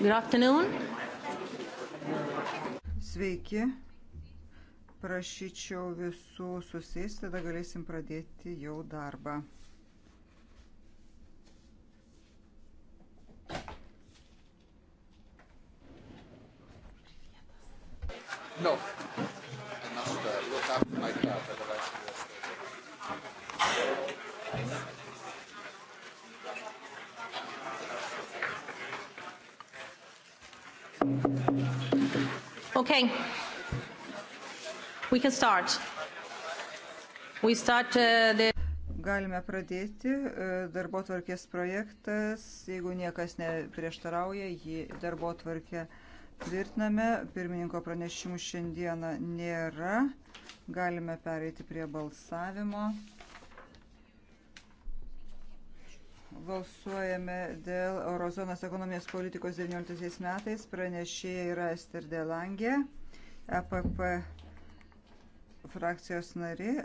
Good afternoon. Sveiki. Prašyčiau visų susėsti, tada galėsim pradėti jau darbą. No. Start, uh, the... Galime pradėti. E, darbo tvarkės projektas, jeigu niekas neprieštarauja, jį darbo tvarkę tvirtiname. Pirmininko pranešimų šiandieną nėra. Galime pereiti prie balsavimo. Balsuojame dėl Eurozonos ekonomijos politikos 19 metais. Pranešėja yra Ester Delangė, EPP frakcijos narė.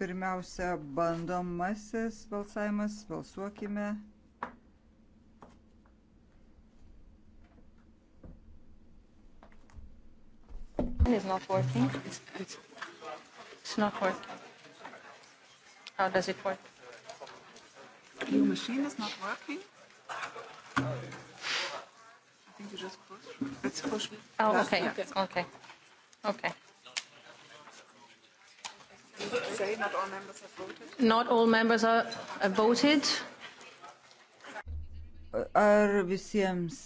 Pirmiausia, bandomasis balsavimas. Balsuokime. It's not working. It's, it's, it's not working. How does it work? Your machine is not working? I think you just push. It's push. Oh, okay. Okay. Okay. okay. Sorry, not all members have voted. Not all members are, are voted. Ar visiems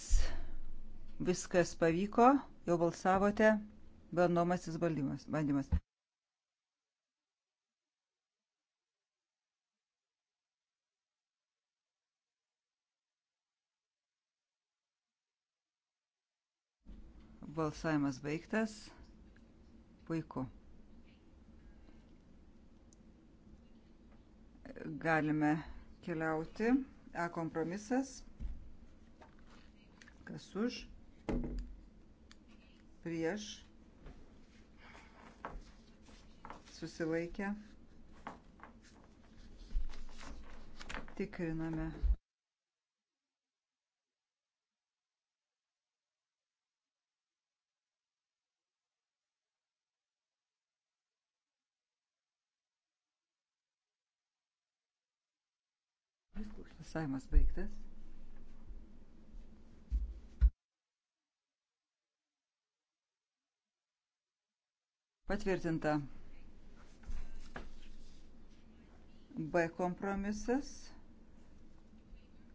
viskas pavyko? Jau balsavote? Bandomasis bandymas. Balsavimas baigtas. Puiku. Galime keliauti. A kompromisas. Kas už? Prieš. Susilaikę. Tikriname. Balsavimas baigtas. Patvirtinta. B kompromisas.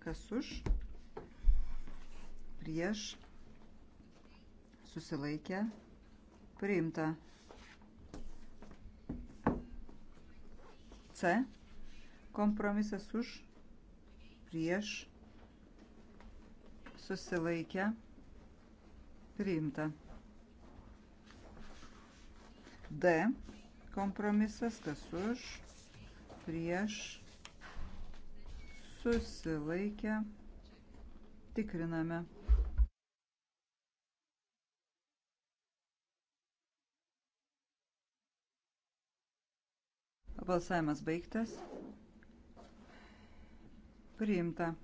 Kas už? Prieš. Susilaikę. Priimta. C. Kompromisas už prieš, susilaikę, priimta. D kompromisas, kas už, prieš, susilaikę, tikriname. Balsavimas baigtas. Priimta.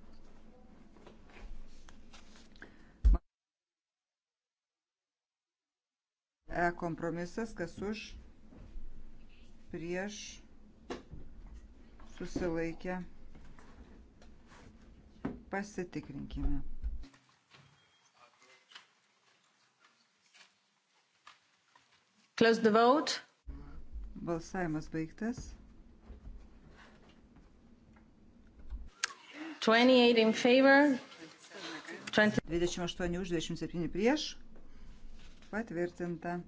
E kompromisas, kas už, prieš, susilaikę. Pasitikrinkime. Close the vote. Balsavimas baigtas. 28 in favor. 20... 28 už, 27 prieš. Patvirtinta.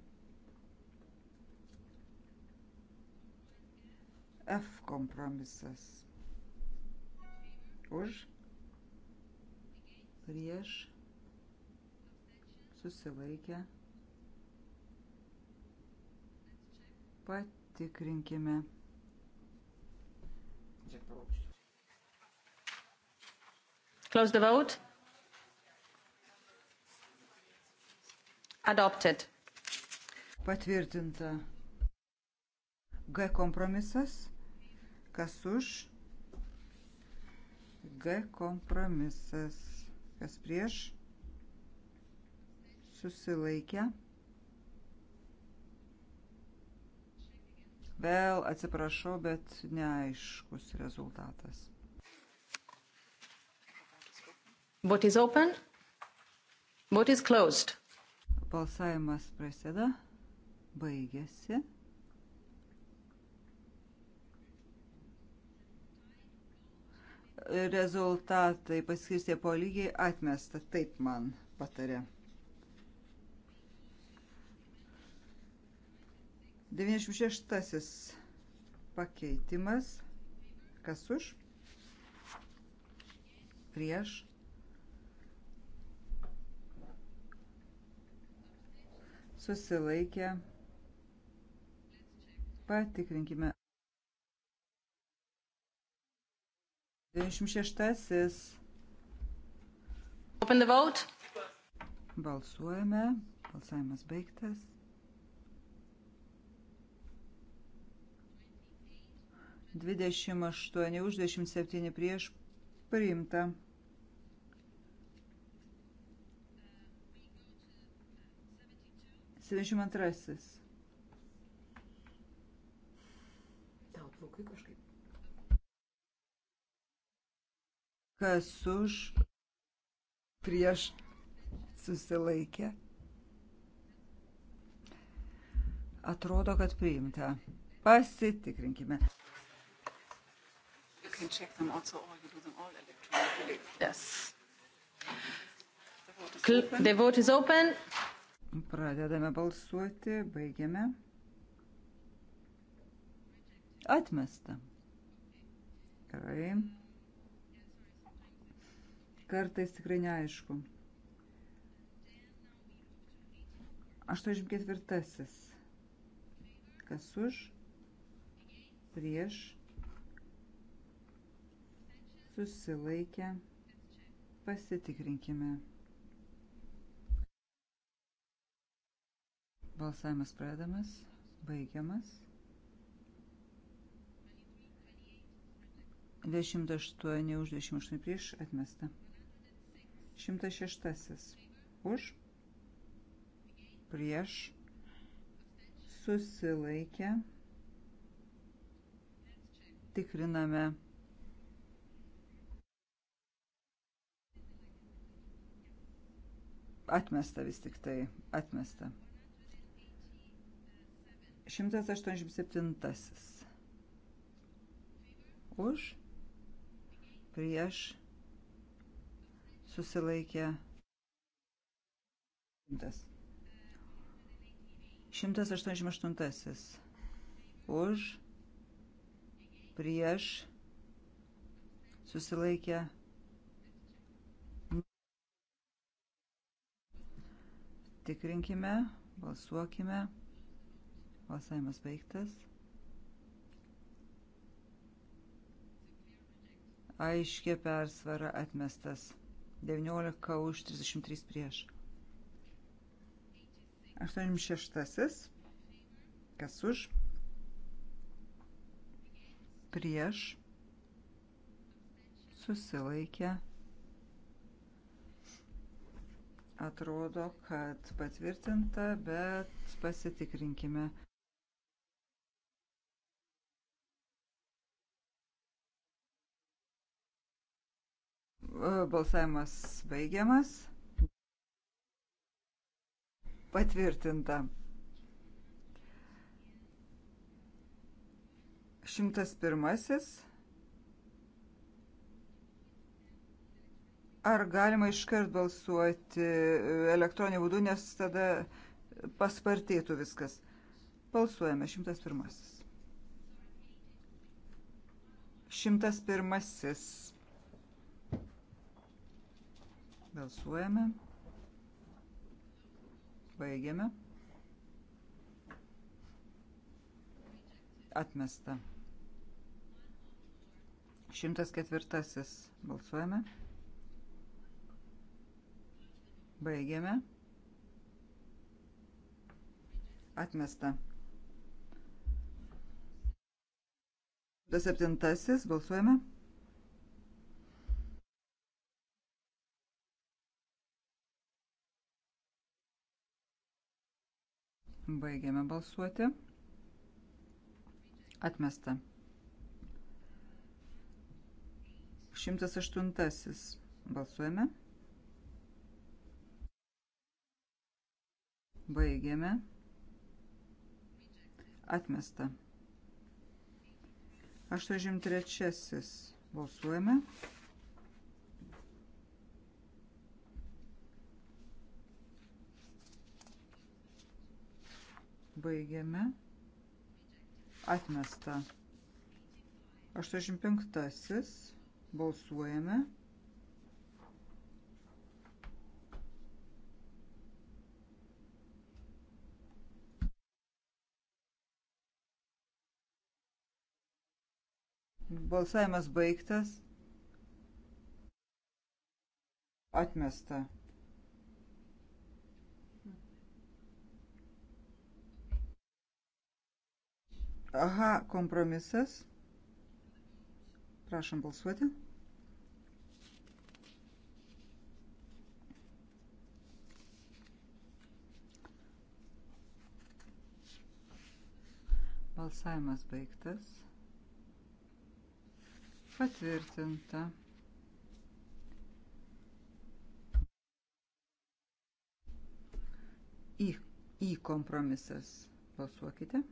F kompromisas. Už. Prieš. Susilaikę. Patikrinkime. Čia paukščių. Close the vote. Adopted. Patvirtinta. G kompromisas. Kas už? G kompromisas. Kas prieš? Susilaikę. Vėl atsiprašau, bet neaiškus rezultatas. Vote is open. Vote is closed. Balsavimas prasideda. Baigėsi. Rezultatai paskirstė po lygiai atmesta, taip man patarė. 96 pakeitimas. Kas už? Prieš susilaikė. Patikrinkime. 96. Open the vote. Balsuojame. Balsavimas baigtas. Dvidešimt aštuoni už, dvidešimt septyni prieš priimta. 72. Tau plaukai kažkaip. Kas už prieš susilaikė. Atrodo, kad priimta. Pasitikrinkime. You can check them also, or you do them all electronically. Yes. The vote is open. The vote is open. Pradedame balsuoti, baigiame. Atmesta. Gerai. Kartais tikrai neaišku. 84. Kas už? Prieš. Susilaikę. Pasitikrinkime. Balsavimas pradedamas, baigiamas. 28 už 28 prieš atmesta. 106 už prieš susilaikę tikriname atmesta vis tik tai atmesta 187. Už, prieš, susilaikė. 188. Už, prieš, susilaikė. Tikrinkime, balsuokime. Balsavimas baigtas. Aiškia persvara atmestas. 19 už 33 prieš. 86. Kas už? Prieš. Susilaikė. Atrodo, kad patvirtinta, bet pasitikrinkime. Balsavimas baigiamas. Patvirtinta. 101. Ar galima iškart balsuoti elektroniniu būdu, nes tada paspartėtų viskas. Balsuojame 101. 101. Balsuojame. Baigiame. Atmesta. 104. Balsuojame. Baigiame. Atmesta. 107. Balsuojame. Baigiame balsuoti. Atmesta. 108. Balsuojame. Baigiame. Atmesta. 83. Balsuojame. Balsuojame. Baigiame. Atmesta. 85. Balsuojame. Balsavimas baigtas. Atmesta. Aha, kompromisas. Prašom balsuoti. Balsavimas baigtas. Patvirtinta. Į, į kompromisas balsuokite.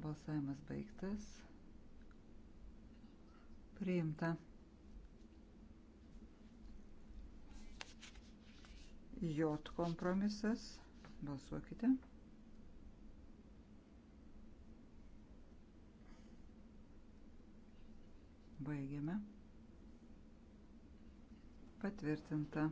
Balsavimas baigtas. Priimta. J kompromisas. Balsuokite. Baigiame. Patvirtinta.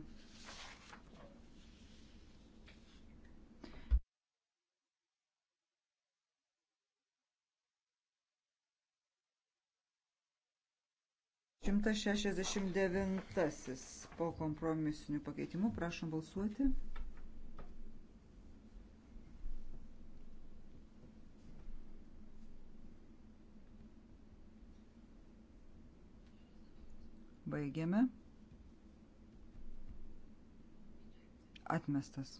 169 po kompromisinių pakeitimų. Prašom balsuoti. Baigiame. Atmestas.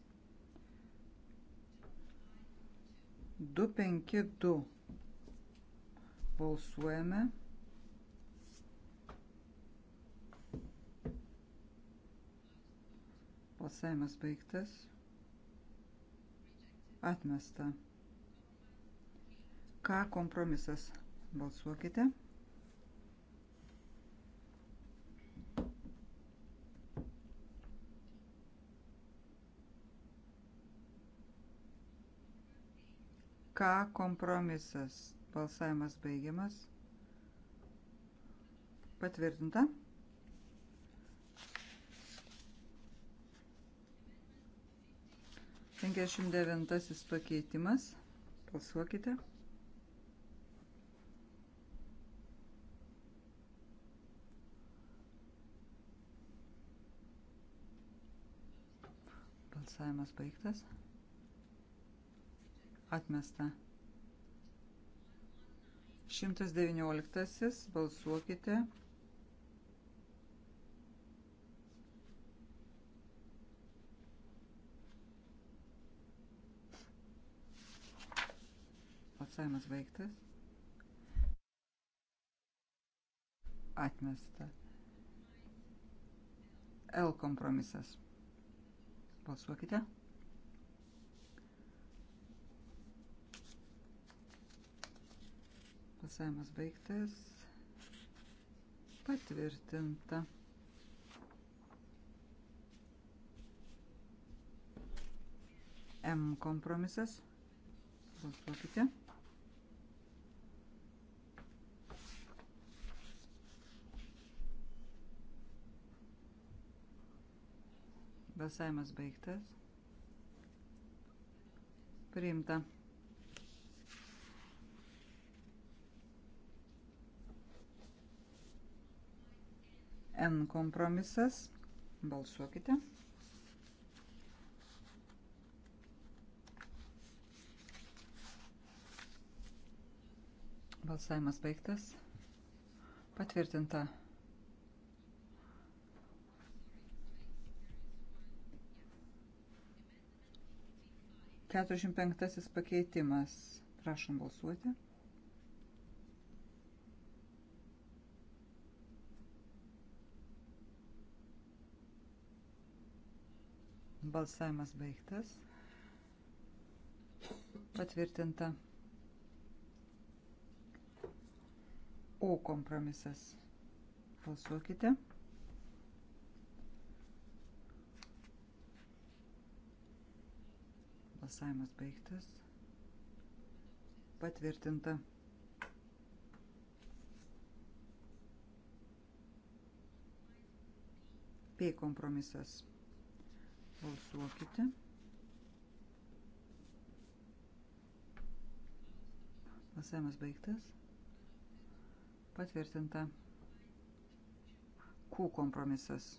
252. Balsuojame. Balsavimas baigtas. Atmesta. Ką kompromisas? Balsuokite. Ką kompromisas? Balsavimas baigiamas. Patvirtinta. 59 pakeitimas. Balsuokite. Balsavimas baigtas. Atmesta. 119. Balsuokite. Balsuokite. Balsavimas baigtas. Atmesta. L kompromisas. Balsuokite. Balsavimas baigtas. Patvirtinta. M kompromisas. Balsuokite. Balsavimas baigtas. Priimta. N kompromisas. Balsuokite. Balsavimas baigtas. Patvirtinta. 45 pakeitimas. Prašom balsuoti. Balsavimas baigtas. Patvirtinta. O kompromisas. Balsuokite. Balsavimas baigtas. Patvirtinta. P kompromisas. Balsuokite. Balsavimas baigtas. Patvirtinta. Q kompromisas.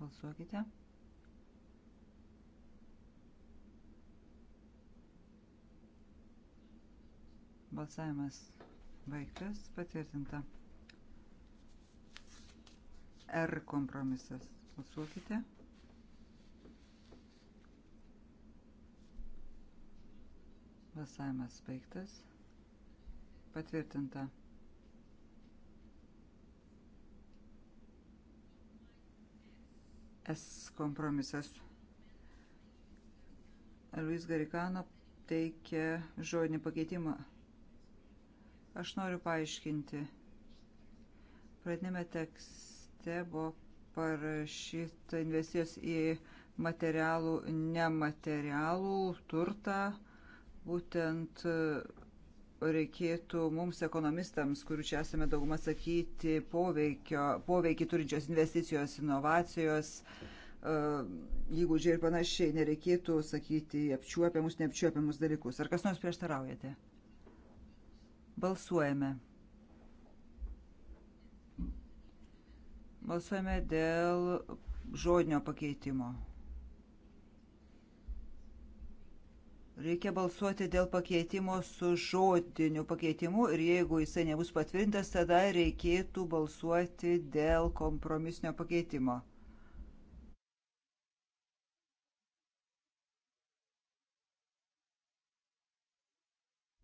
Balsuokite. Balsuokite. Balsavimas baigtas, patvirtinta. R kompromisas. Balsuokite. Balsavimas baigtas. Patvirtinta. S kompromisas. Luis Garikano teikia žodinį pakeitimą. Aš noriu paaiškinti. Pradinėme tekste buvo parašyta investicijos į materialų, nematerialų turtą. Būtent e, reikėtų mums ekonomistams, kurių čia esame daugumą sakyti, poveikio, poveikį turinčios investicijos, inovacijos, e, įgūdžiai ir panašiai, nereikėtų sakyti apčiuopiamus, neapčiuopiamus dalykus. Ar kas nors prieštaraujate? Balsuojame. Balsuojame dėl žodinio pakeitimo. Reikia balsuoti dėl pakeitimo su žodiniu pakeitimu ir jeigu jisai nebus patvirtintas, tada reikėtų balsuoti dėl kompromisinio pakeitimo.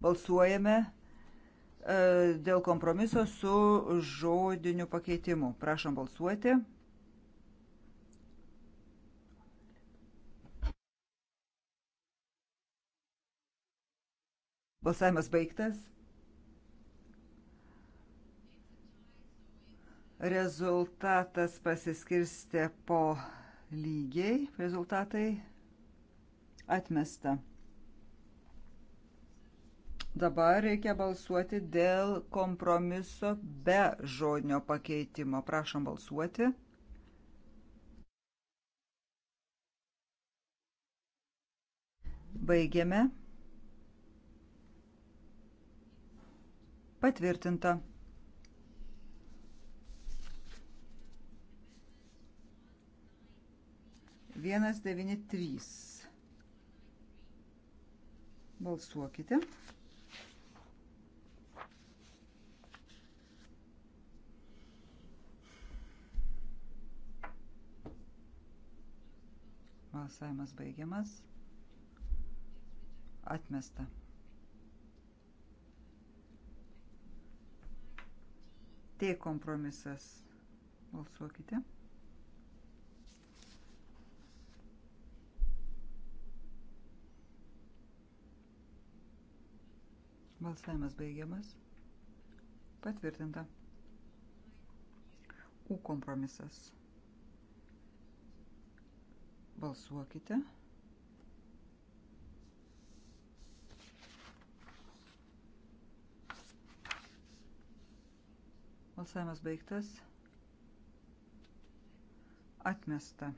Balsuojame E, dėl kompromiso su žodiniu pakeitimu. Prašom balsuoti. Balsavimas baigtas. Rezultatas pasiskirstė po lygiai. Rezultatai atmesta. Dabar reikia balsuoti dėl kompromiso be žodinio pakeitimo. Prašom balsuoti. Baigiame. Patvirtinta. Vienas devyni trys. Balsuokite. Balsavimas baigiamas. Atmesta. T kompromisas. Balsuokite. Balsavimas baigiamas. Patvirtinta. U kompromisas. Balsuokite. Balsavimas baigtas. Atmesta.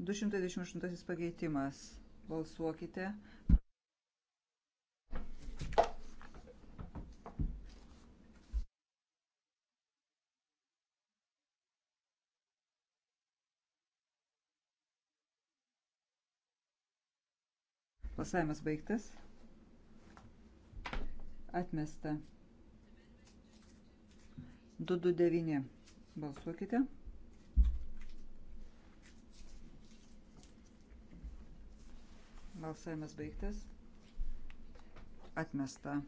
Du šimtai dešimt aštuntasis pakeitimas. Balsuokite. Balsavimas baigtas. Atmesta. 229. Balsuokite. Balsavimas baigtas. Atmesta.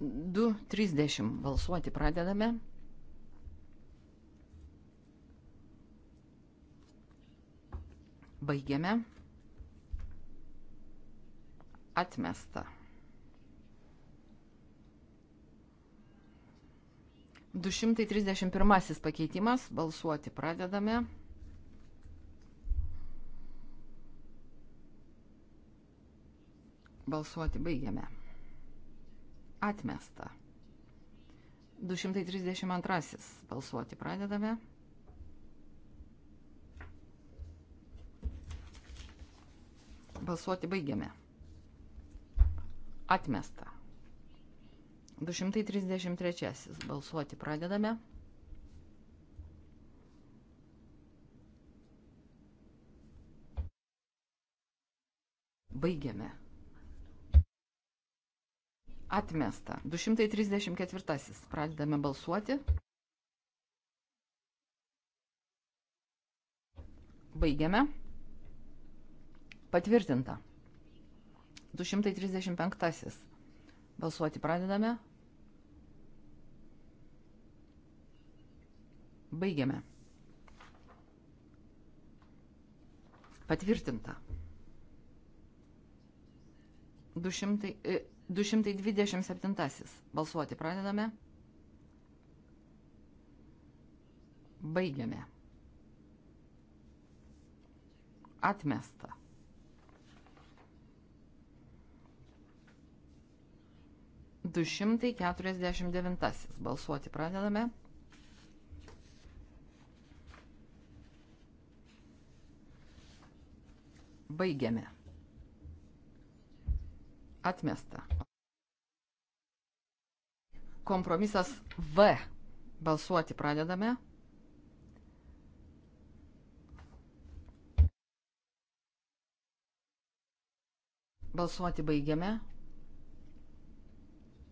2.30 balsuoti pradedame. Baigiame. Atmesta. 231 pakeitimas. Balsuoti pradedame. Balsuoti baigiame. Atmesta. 232. Balsuoti pradedame. Balsuoti baigiame. Atmesta. 233. Balsuoti pradedame. Baigiame. Atmesta. 234. Pradedame balsuoti. Baigiame. Patvirtinta. 235. Balsuoti pradedame. Baigiame. Patvirtinta. 200, 227. E, Balsuoti pradedame. Baigiame. Atmesta. 249. Balsuoti pradedame. Baigiame. Atmesta. Kompromisas V. Balsuoti pradedame. Balsuoti baigiame.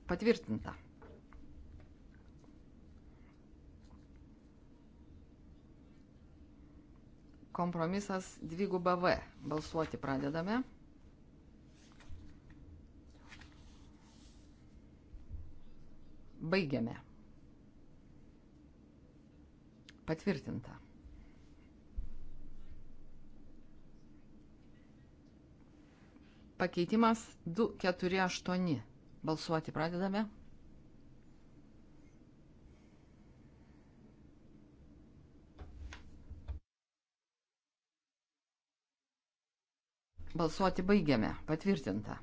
Patvirtinta. Kompromisas 2GBV. Balsuoti pradedame. Baigiame. Patvirtinta. Pakeitimas 248. Balsuoti pradedame. Balsuoti baigiame. Patvirtinta.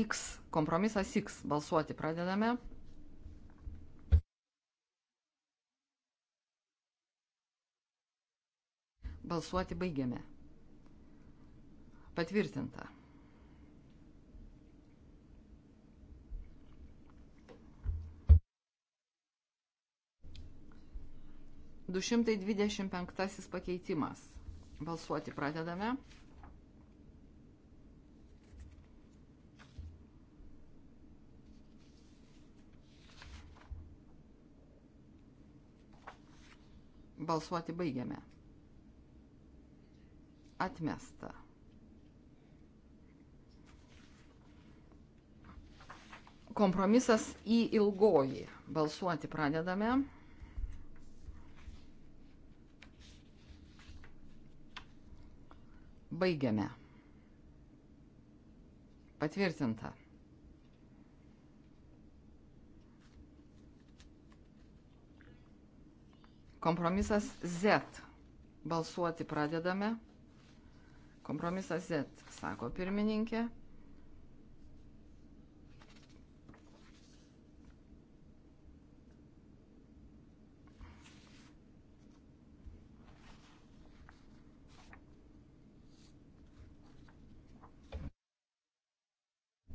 X. Kompromisas X. Balsuoti pradedame. Balsuoti baigiame. Patvirtinta. 225 pakeitimas. Balsuoti pradedame. Balsuoti baigiame. Atmesta. Kompromisas į ilgojį. Balsuoti pradedame. Baigiame. Patvirtinta. Kompromisas Z. Balsuoti pradedame. Kompromisas Z, sako pirmininkė.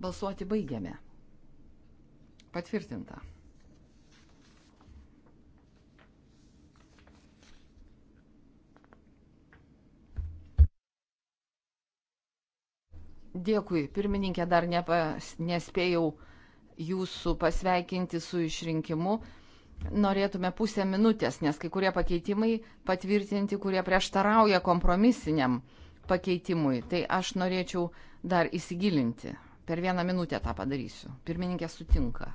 Balsuoti baigiame. Patvirtinta. Dėkui, pirmininkė, dar nepas, nespėjau jūsų pasveikinti su išrinkimu. Norėtume pusę minutės, nes kai kurie pakeitimai patvirtinti, kurie prieštarauja kompromisiniam pakeitimui. Tai aš norėčiau dar įsigilinti. Per vieną minutę tą padarysiu. Pirmininkė sutinka.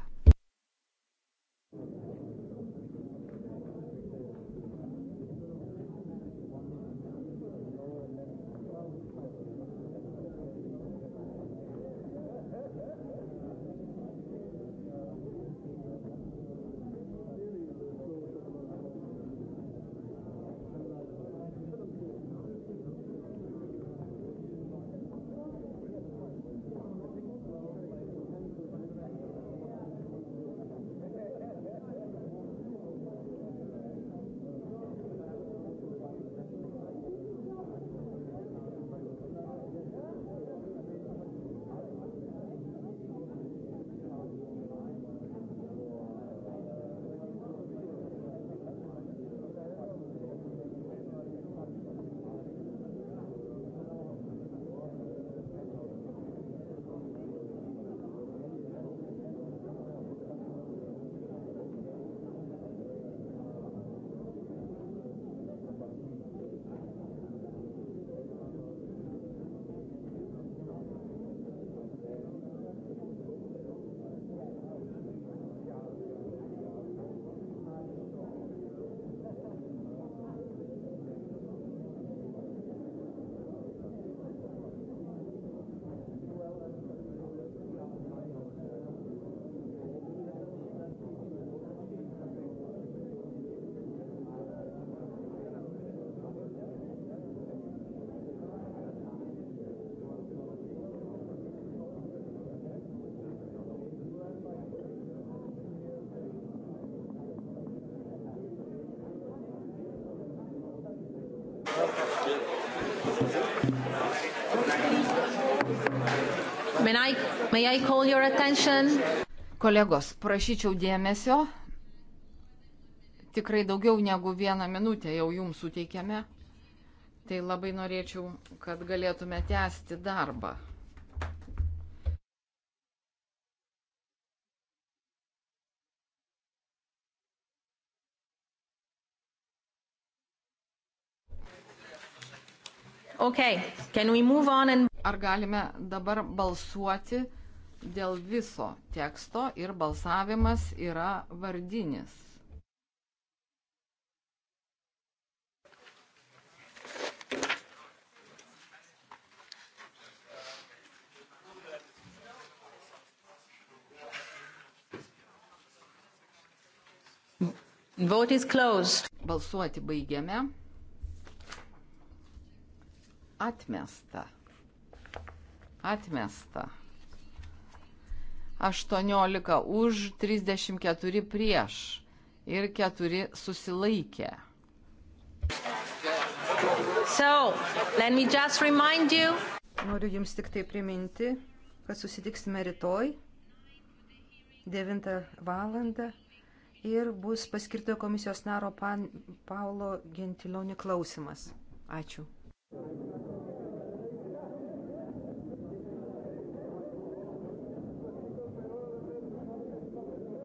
Kolegos, prašyčiau dėmesio. Tikrai daugiau negu vieną minutę jau jums suteikėme. Tai labai norėčiau, kad galėtume tęsti darbą. Okay. And... Ar galime dabar balsuoti? dėl viso teksto ir balsavimas yra vardinis. Vote is closed. Balsuoti baigiame. Atmesta. Atmesta. 18 už, 34 prieš ir 4 susilaikė. So, Noriu Jums tik tai priminti, kad susitiksime rytoj 9 val. ir bus paskirtojo komisijos naro pan, Paulo Gentiloni klausimas. Ačiū.